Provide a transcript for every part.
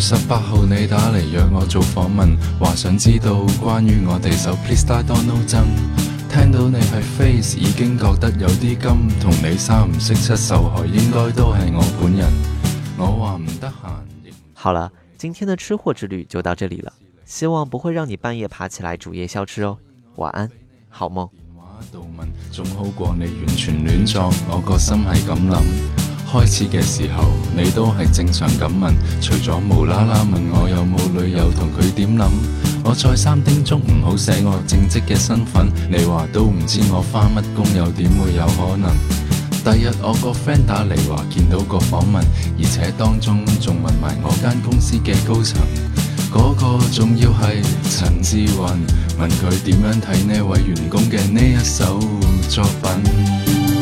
十八號你打嚟約我做訪問，話想知道關於我哋首 Please die, Don't No Tune。聽到你係 Face 已經覺得有啲金，同你三唔識七受害應該都係我本人。我話唔得閒。好了，今天的吃貨之旅就到這裏了，希望不會讓你半夜爬起來煮夜宵吃哦。晚安，好夢。電話度問，仲好過你完全亂撞。我個心係噉諗。開始嘅時候，你都係正常咁問，除咗無啦啦問我有冇女友同佢點諗。我再三叮囑唔好寫我正職嘅身份，你話都唔知我返乜工，又點會有可能？第日我個 friend 打嚟話見到個訪問，而且當中仲問埋我間公司嘅高層，嗰個仲要係陳志雲，問佢點樣睇呢位員工嘅呢一首作品。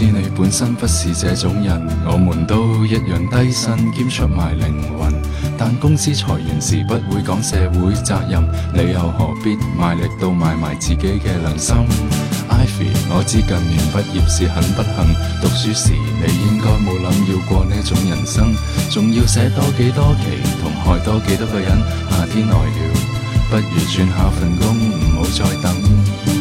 知你本身不是這種人，我們都一樣低薪兼出賣靈魂。但公司裁員時不會講社會責任，你又何必賣力到賣埋自己嘅良心？Ivy，我知近年畢業是很不幸，讀書時你應該冇諗要過呢種人生，仲要寫多幾多期，同害多幾多個人。夏天來了，不如轉下份工，唔好再等。